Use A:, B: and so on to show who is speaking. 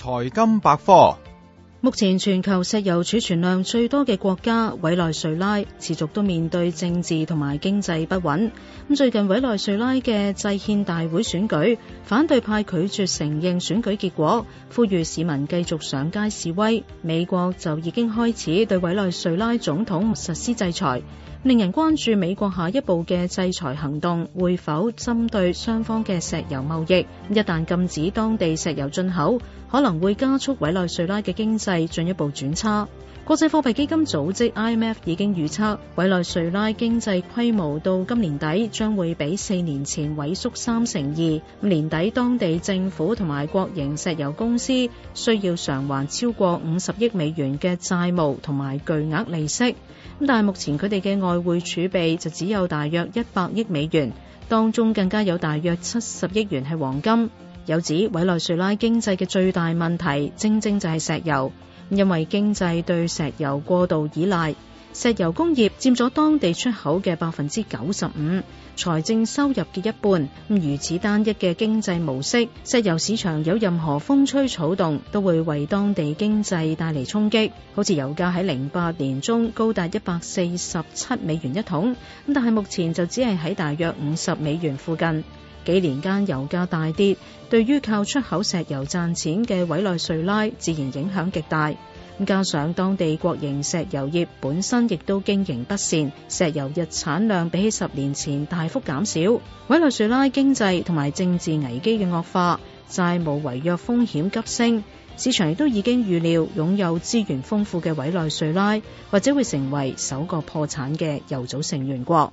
A: 財金百科。目前全球石油儲存量最多嘅國家委內瑞拉，持續都面對政治同埋經濟不穩。咁最近委內瑞拉嘅制憲大會選舉，反對派拒絕承認選舉結果，呼籲市民繼續上街示威。美國就已經開始對委內瑞拉總統實施制裁，令人關注美國下一步嘅制裁行動會否針對雙方嘅石油貿易？一旦禁止當地石油進口，可能會加速委內瑞拉嘅經濟。係進一步轉差。國際貨幣基金組織 （IMF） 已經預測，委內瑞拉經濟規模到今年底將會比四年前萎縮三成二。年底當地政府同埋國營石油公司需要償還超過五十億美元嘅債務同埋巨額利息。咁但係目前佢哋嘅外匯儲備就只有大約一百億美元，當中更加有大約七十億元係黃金。有指委內瑞拉經濟嘅最大問題，正正就係石油，因為經濟對石油過度依賴，石油工業佔咗當地出口嘅百分之九十五，財政收入嘅一半。如此單一嘅經濟模式，石油市場有任何風吹草動，都會為當地經濟帶嚟衝擊。好似油價喺零八年中高達一百四十七美元一桶，但係目前就只係喺大約五十美元附近。幾年間油價大跌，對於靠出口石油賺錢嘅委內瑞拉自然影響極大。加上當地國營石油業本身亦都經營不善，石油日產量比起十年前大幅減少。委內瑞拉經濟同埋政治危機嘅惡化，債務違約風險急升，市場亦都已經預料擁有資源豐富嘅委內瑞拉，或者會成為首個破產嘅油組成員國。